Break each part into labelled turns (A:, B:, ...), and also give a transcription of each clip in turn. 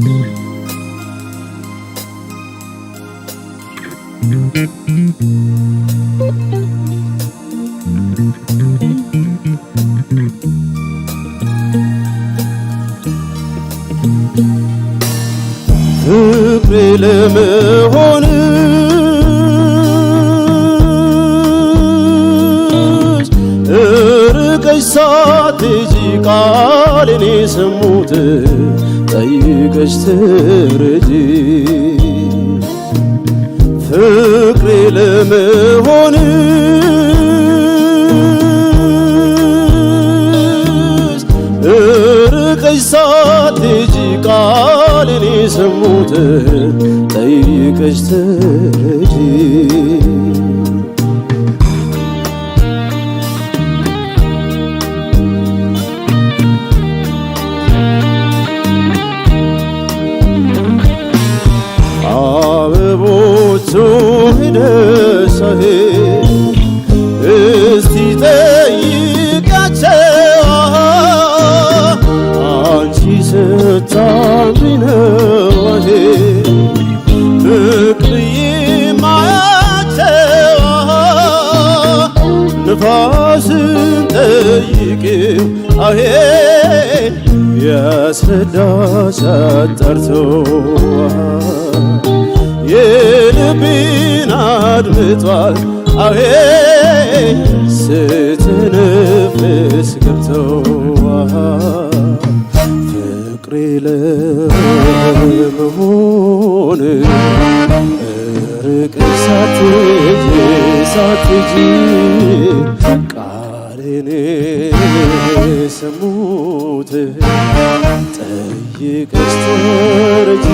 A: Mm-hmm. ፍቅሬ ለመሆንሽ እርቀሽ ሳትሄጂ ቃሌን የሰሙት ጠይቀሽ ትረጂ ፍቅሬ ለመሆን ርቀሽ ሳትሄጂ ቃሌን የሰሙት ጠይቀሽ ትሄጂ ነፋስን ጠይቂው አሄ ያስረዳሻል ጠርቶ የልቤን አድምጧል አሄ ስትንፍስ ገብቶ ፍቅሬ ለመሆን ርቅ ሳትጂ ቃሌን ሰሙት ጠይቀሽ ተረጂ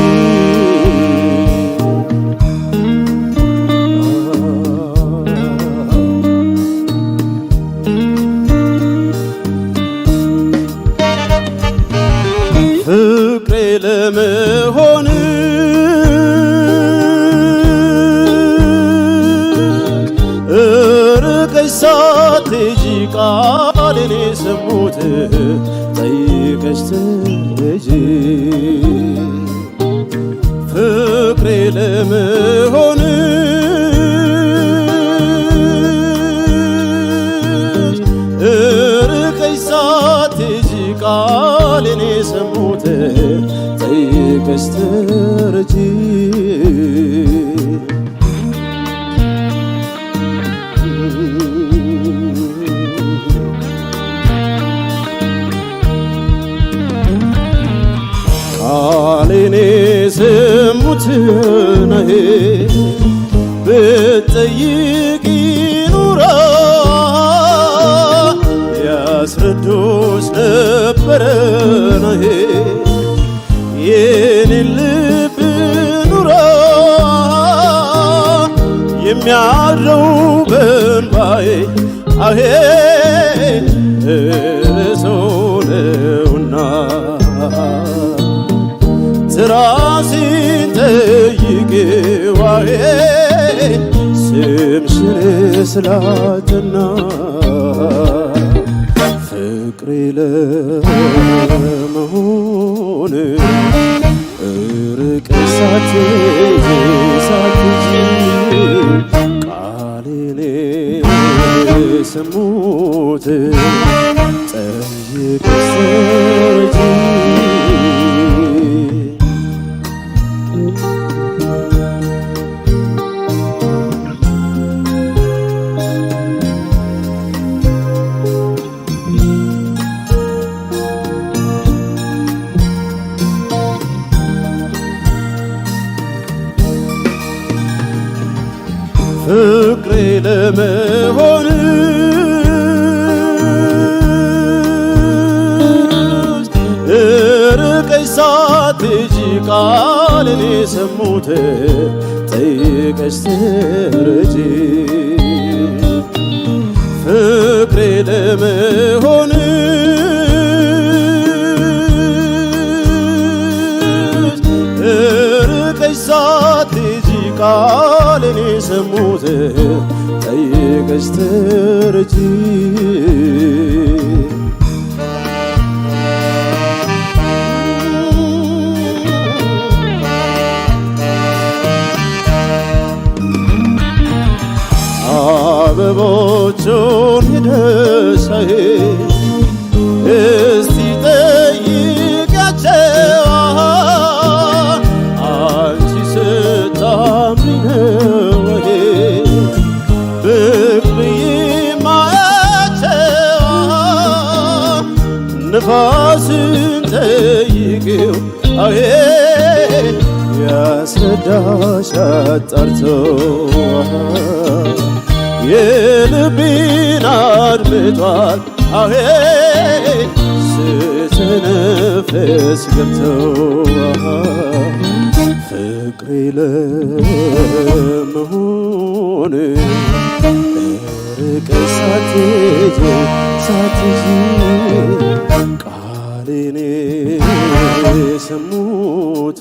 A: ከኔ ሰሙት ጠይቀሽ ትሄጂ ፍቅሬ ለመሆን ርቀሽ ሳትሄጂ ቃል የኔ ጠይቀሽ ትሄጂ ቃሌን ስሙት ነህ ብትጠይቅ ኑራ ያስረዱስ ነበረ ነህ የኔን ልብ ኑራ የሚያረው በእንባዬ አሄ ዋዬ ስምሽን ስላትና ፍቅሬ ለመሆን እርቅ ሳት ሳትጂ ቃሌን ስሙት ለመሆን ርቀሽ ሳትሄጂ ቃልን የሰሙት ጠይቀሽ ትረጂ ፍቅሬ ለመሆን ከስተረጂ አበቦቹን ሄደሳዬ እንዳሻት ጠርቶ የልቤን አድምጧል አሄ ስትነፍስ ገብቶ ፍቅሬ ለመሆን ርቅ ሳትሄጂ ሳትሄጂ ቃሌን የሰሙት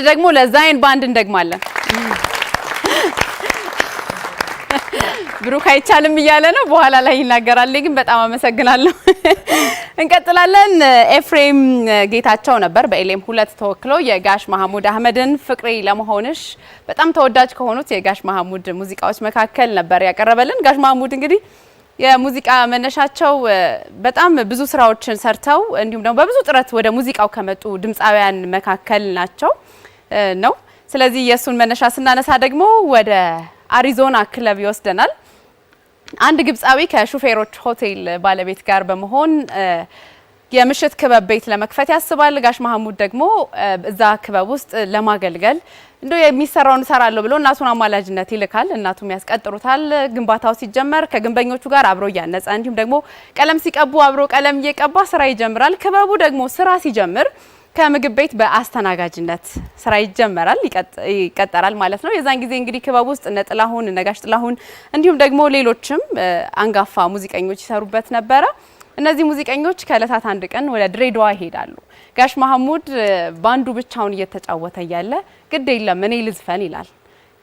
B: አንድ ደግሞ ለዛይን ባንድ እንደግማለን። ብሩክ አይቻልም እያለ ነው፣ በኋላ ላይ ይናገራል። ግን በጣም አመሰግናለሁ። እንቀጥላለን። ኤፍሬም ጌታቸው ነበር በኤሌም ሁለት ተወክሎ የጋሽ መሐሙድ አህመድን ፍቅሬ ለመሆንሽ በጣም ተወዳጅ ከሆኑት የጋሽ መሐሙድ ሙዚቃዎች መካከል ነበር ያቀረበልን። ጋሽ መሐሙድ እንግዲህ የሙዚቃ መነሻቸው በጣም ብዙ ስራዎችን ሰርተው እንዲሁም ደግሞ በብዙ ጥረት ወደ ሙዚቃው ከመጡ ድምፃውያን መካከል ናቸው። ነው። ስለዚህ የእሱን መነሻ ስናነሳ ደግሞ ወደ አሪዞና ክለብ ይወስደናል። አንድ ግብፃዊ ከሹፌሮች ሆቴል ባለቤት ጋር በመሆን የምሽት ክበብ ቤት ለመክፈት ያስባል። ጋሽ መሀሙድ ደግሞ እዛ ክበብ ውስጥ ለማገልገል እንዶ የሚሰራውን እሰራለሁ ብሎ እናቱን አማላጅነት ይልካል። እናቱም ያስቀጥሩታል። ግንባታው ሲጀመር ከግንበኞቹ ጋር አብሮ እያነጸ እንዲሁም ደግሞ ቀለም ሲቀቡ አብሮ ቀለም እየቀባ ስራ ይጀምራል። ክበቡ ደግሞ ስራ ሲጀምር ከምግብ ቤት በአስተናጋጅነት ስራ ይጀመራል፣ ይቀጠራል ማለት ነው። የዛን ጊዜ እንግዲህ ክበብ ውስጥ እነ ጥላሁን እነ ጋሽ ጥላሁን እንዲሁም ደግሞ ሌሎችም አንጋፋ ሙዚቀኞች ይሰሩበት ነበረ። እነዚህ ሙዚቀኞች ከእለታት አንድ ቀን ወደ ድሬዳዋ ይሄዳሉ። ጋሽ መሐሙድ ባንዱ ብቻውን እየተጫወተ እያለ ግድ የለም እኔ ልዝፈን ይላል።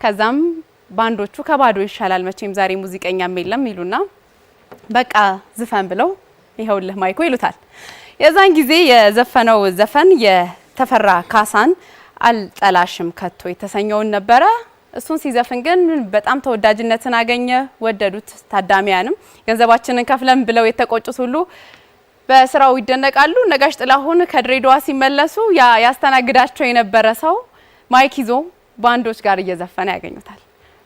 B: ከዛም ባንዶቹ ከባዶ ይሻላል መቼም ዛሬ ሙዚቀኛም የለም ይሉና በቃ ዝፈን ብለው ይኸውልህ ማይኮ ይሉታል። የዛን ጊዜ የዘፈነው ዘፈን የተፈራ ካሳን አልጠላሽም ከቶ የተሰኘውን ነበረ። እሱን ሲዘፍን ግን በጣም ተወዳጅነትን አገኘ፣ ወደዱት። ታዳሚያንም ገንዘባችንን ከፍለን ብለው የተቆጩት ሁሉ በስራው ይደነቃሉ። ነጋሽ ጥላሁን ከድሬዳዋ ሲመለሱ ያስተናግዳቸው የነበረ ሰው ማይክ ይዞ ባንዶች ጋር እየዘፈነ ያገኙታል።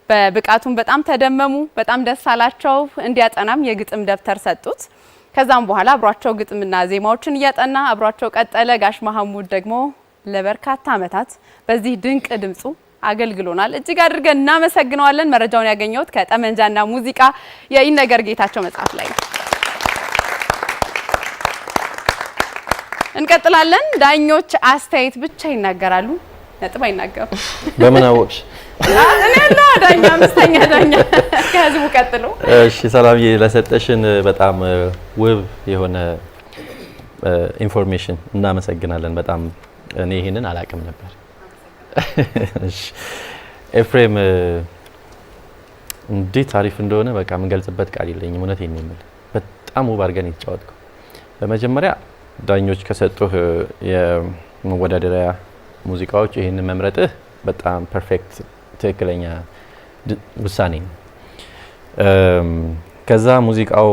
B: በብቃቱም በጣም ተደመሙ፣ በጣም ደስ አላቸው። እንዲያጠናም የግጥም ደብተር ሰጡት። ከዛም በኋላ አብሯቸው ግጥምና ዜማዎችን እያጠና አብሯቸው ቀጠለ። ጋሽ መሐሙድ ደግሞ ለበርካታ ዓመታት በዚህ ድንቅ ድምፁ አገልግሎናል። እጅግ አድርገን እናመሰግነዋለን። መረጃውን ያገኘሁት ከጠመንጃና ሙዚቃ የይነገር ጌታቸው መጽሐፍ ላይ ነው። እንቀጥላለን። ዳኞች አስተያየት ብቻ ይናገራሉ፣ ነጥብ አይናገሩ። በምን አወቅሽ? ዳኛ አምስተኛ ዳኛ ከህዝቡ ቀጥሎ።
C: እሺ ሰላምዬ ለሰጠሽን በጣም ውብ የሆነ ኢንፎርሜሽን እናመሰግናለን። በጣም እኔ ይሄንን አላቅም ነበር። ኤፍሬም እንዴት አሪፍ እንደሆነ በቃ የምንገልጽበት ቃል የለኝም። እውነቴን ነው በጣም ውብ አድርገን የተጫወትከው። በመጀመሪያ ዳኞች ከሰጡህ የመወዳደሪያ ሙዚቃዎች ይህንን መምረጥህ በጣም ፐርፌክት ትክክለኛ ውሳኔ ነው። ከዛ ሙዚቃው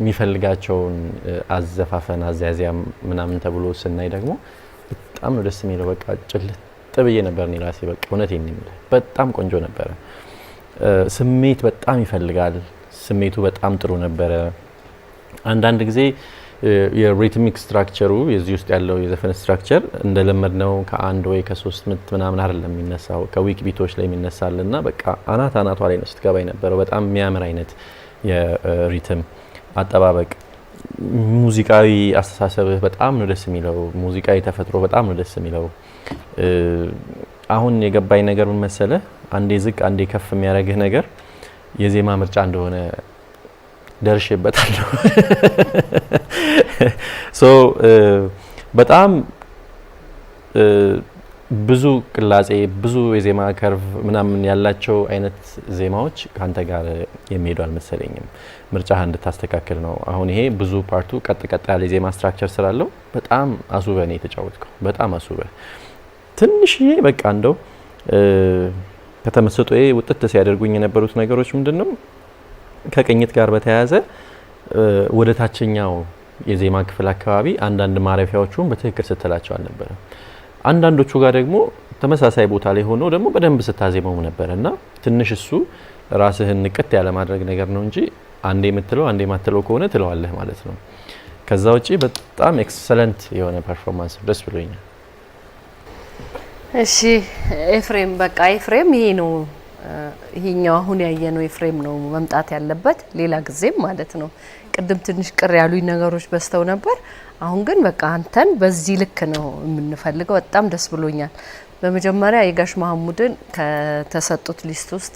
C: የሚፈልጋቸውን አዘፋፈን፣ አዘያዝያ ምናምን ተብሎ ስናይ ደግሞ በጣም ነው ደስ የሚለው። በቃ ጭልጥ ብዬ ነበር እኔ ራሴ በቃ እውነቴን ነው በጣም ቆንጆ ነበረ። ስሜት በጣም ይፈልጋል። ስሜቱ በጣም ጥሩ ነበረ። አንዳንድ ጊዜ የሪትሚክ ስትራክቸሩ የዚህ ውስጥ ያለው የዘፈን ስትራክቸር እንደለመድነው ከአንድ ወይ ከሶስት ምት ምናምን አይደለም የሚነሳው ከዊክ ቢቶች ላይ ና በቃ አናት አናቷ ላይ ነው ስትገባ የነበረው። በጣም የሚያምር አይነት የሪትም አጠባበቅ ሙዚቃዊ አስተሳሰብህ በጣም ነው ደስ የሚለው። ሙዚቃዊ ተፈጥሮ በጣም ነው ደስ የሚለው። አሁን የገባኝ ነገር ምን መሰለህ፣ አንዴ ዝቅ አንዴ ከፍ የሚያደርግህ ነገር የዜማ ምርጫ እንደሆነ ደርሼበታለሁ። Uh, በጣም uh, ብዙ ቅላጼ ብዙ የዜማ ከርቭ ምናምን ያላቸው አይነት ዜማዎች ከአንተ ጋር የሚሄዱ አልመሰለኝም። ምርጫህ እንድታስተካክል ነው። አሁን ይሄ ብዙ ፓርቱ ቀጥ ቀጥ ያለ የዜማ ስትራክቸር ስላለው በጣም አሱበ ነው የተጫወትከው። በጣም አሱበ ትንሽዬ በቃ እንደው uh, ከተመስጦ ውጥት ሲያደርጉኝ የነበሩት ነገሮች ምንድን ነው? ከቅኝት ጋር በተያያዘ ወደ ታችኛው የዜማ ክፍል አካባቢ አንዳንድ ማረፊያዎቹን በትክክል ስትላቸው አልነበረም። አንዳንዶቹ ጋር ደግሞ ተመሳሳይ ቦታ ላይ ሆኖ ደግሞ በደንብ ስታዜመው ነበረ እና ትንሽ እሱ ራስህን ንቅት ያለማድረግ ነገር ነው እንጂ አንዴ የምትለው አንዴ የማትለው ከሆነ ትለዋለህ ማለት ነው። ከዛ ውጪ በጣም ኤክሰለንት የሆነ ፐርፎርማንስ ደስ ብሎኛል።
D: እሺ ኤፍሬም፣ በቃ ኤፍሬም ይሄ ነው ይሄኛው አሁን ያየነው ኤፍሬም ነው መምጣት ያለበት ሌላ ጊዜም ማለት ነው። ቅድም ትንሽ ቅር ያሉኝ ነገሮች በስተው ነበር። አሁን ግን በቃ አንተን በዚህ ልክ ነው የምንፈልገው። በጣም ደስ ብሎኛል። በመጀመሪያ የጋሽ መሀሙድን ከተሰጡት ሊስት ውስጥ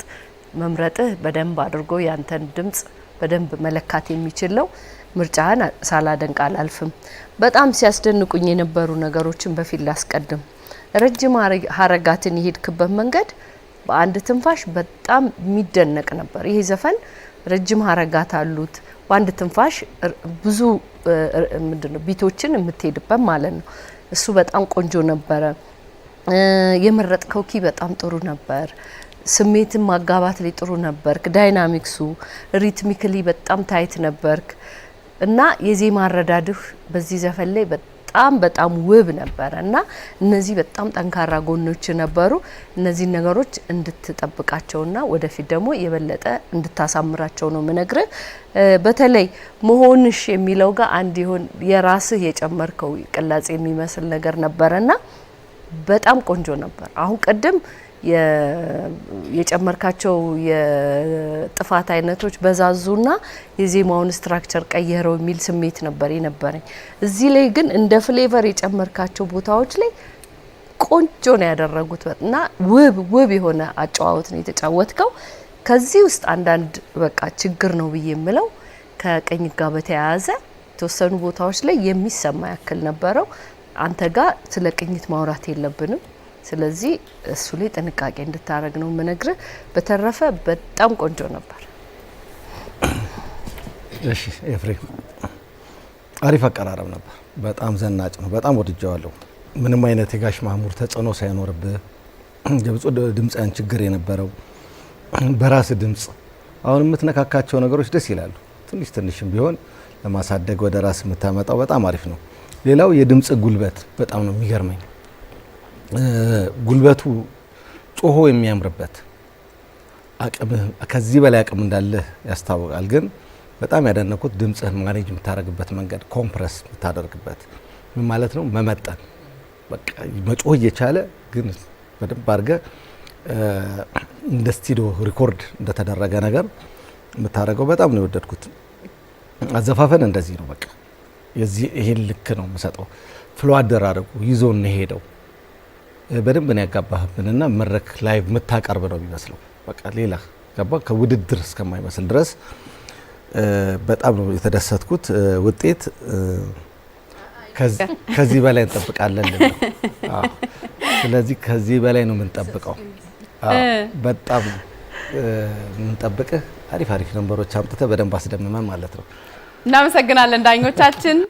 D: መምረጥህ በደንብ አድርጎ ያንተን ድምጽ በደንብ መለካት የሚችል ነው። ምርጫህን ሳላደንቅ አላልፍም። በጣም ሲያስደንቁኝ የነበሩ ነገሮችን በፊት ላስቀድም። ረጅም ሀረጋትን የሄድክበት መንገድ በአንድ ትንፋሽ በጣም የሚደነቅ ነበር። ይሄ ዘፈን ረጅም ሀረጋት አሉት። በአንድ ትንፋሽ ብዙ ምንድነው ቢቶችን የምትሄድበት ማለት ነው። እሱ በጣም ቆንጆ ነበረ። የመረጥከው ኪ በጣም ጥሩ ነበር። ስሜትን ማጋባት ላይ ጥሩ ነበርክ። ዳይናሚክሱ ሪትሚክሊ በጣም ታይት ነበርክ እና የዜማ አረዳድህ በዚህ ዘፈን ላይ በጣም በጣም ውብ ነበረ እና እነዚህ በጣም ጠንካራ ጎኖች ነበሩ። እነዚህ ነገሮች እንድትጠብቃቸውና ወደፊት ደግሞ የበለጠ እንድታሳምራቸው ነው ምነግር። በተለይ መሆንሽ የሚለው ጋር አንድ ይሆን የራስህ የጨመርከው ቅላጼ የሚመስል ነገር ነበረና በጣም ቆንጆ ነበር። አሁን ቅድም የጨመርካቸው የጥፋት አይነቶች በዛዙና የዜማውን ስትራክቸር ቀየረው የሚል ስሜት ነበር የነበረኝ። እዚህ ላይ ግን እንደ ፍሌቨር የጨመርካቸው ቦታዎች ላይ ቆንጆ ነው ያደረጉት እና ውብ ውብ የሆነ አጨዋወት ነው የተጫወትከው። ከዚህ ውስጥ አንዳንድ በቃ ችግር ነው ብዬ የምለው ከቀኝ ጋ በተያያዘ የተወሰኑ ቦታዎች ላይ የሚሰማ ያክል ነበረው። አንተ ጋር ስለ ቅኝት ማውራት የለብንም ስለዚህ እሱ ላይ ጥንቃቄ እንድታደረግ ነው የምነግርህ። በተረፈ በጣም ቆንጆ ነበር።
E: እሺ ኤፍሬም፣ አሪፍ አቀራረብ ነበር። በጣም ዘናጭ ነው። በጣም ወድጀዋለሁ። ምንም አይነት የጋሽ ማህሙር ተጽዕኖ ሳይኖርብህ የብፁዕ ድምፃውያን ችግር የነበረው በራስ ድምፅ አሁን የምትነካካቸው ነገሮች ደስ ይላሉ። ትንሽ ትንሽም ቢሆን ለማሳደግ ወደ ራስ የምታመጣው በጣም አሪፍ ነው። ሌላው የድምፅ ጉልበት በጣም ነው የሚገርመኝ። ጉልበቱ ጮሆ የሚያምርበት አቅምህ ከዚህ በላይ አቅም እንዳለህ ያስታውቃል። ግን በጣም ያደነኩት ድምፅህን ማኔጅ የምታደርግበት መንገድ ኮምፕረስ የምታደርግበት ምን ማለት ነው? መመጠን መጮህ እየቻለ ግን በደንብ አድርገ እንደ ስቱዲዮ ሪኮርድ እንደተደረገ ነገር የምታደርገው በጣም ነው የወደድኩት። አዘፋፈን እንደዚህ ነው በቃ ይህን ልክ ነው የምሰጠው። ፍሎ አደራረጉ ይዞ እንሄደው በደንብ ነው ያጋባህብን እና መድረክ ላይ የምታቀርብ ነው የሚመስለው። በቃ ሌላ ገባ ከውድድር እስከማይመስል ድረስ በጣም ነው የተደሰትኩት። ውጤት ከዚህ በላይ እንጠብቃለን። ስለዚህ ከዚህ በላይ ነው የምንጠብቀው። በጣም የምንጠብቅህ አሪፍ አሪፍ ነንበሮች አምጥተህ በደንብ አስደምመን ማለት ነው።
B: እናመሰግናለን ዳኞቻችን።